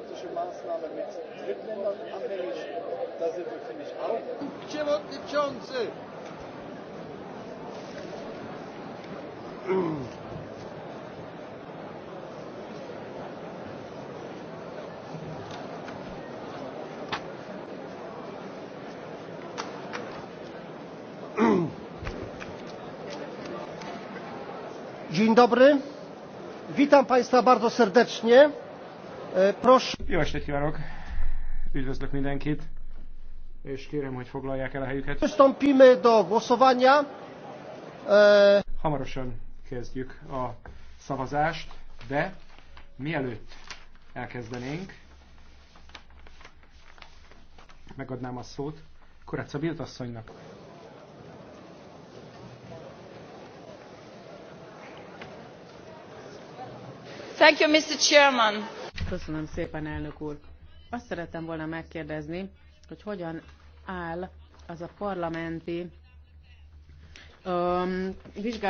politische Maßnahme mit Drittländern abhängig, da sind wir, finde ich, auch. Chance. Dzień dobry. Witam Państwa bardzo serdecznie. Pros... Jó estét kívánok! Üdvözlök mindenkit! És kérem, hogy foglalják el a helyüket. Przystąpimy do głosowania. Hamarosan kezdjük a szavazást, de mielőtt elkezdenénk, megadnám a szót Korácsa Bilt asszonynak. Thank you, Mr. Chairman. Köszönöm szépen, elnök úr. Azt szerettem volna megkérdezni, hogy hogyan áll az a parlamenti um, vizsgálat,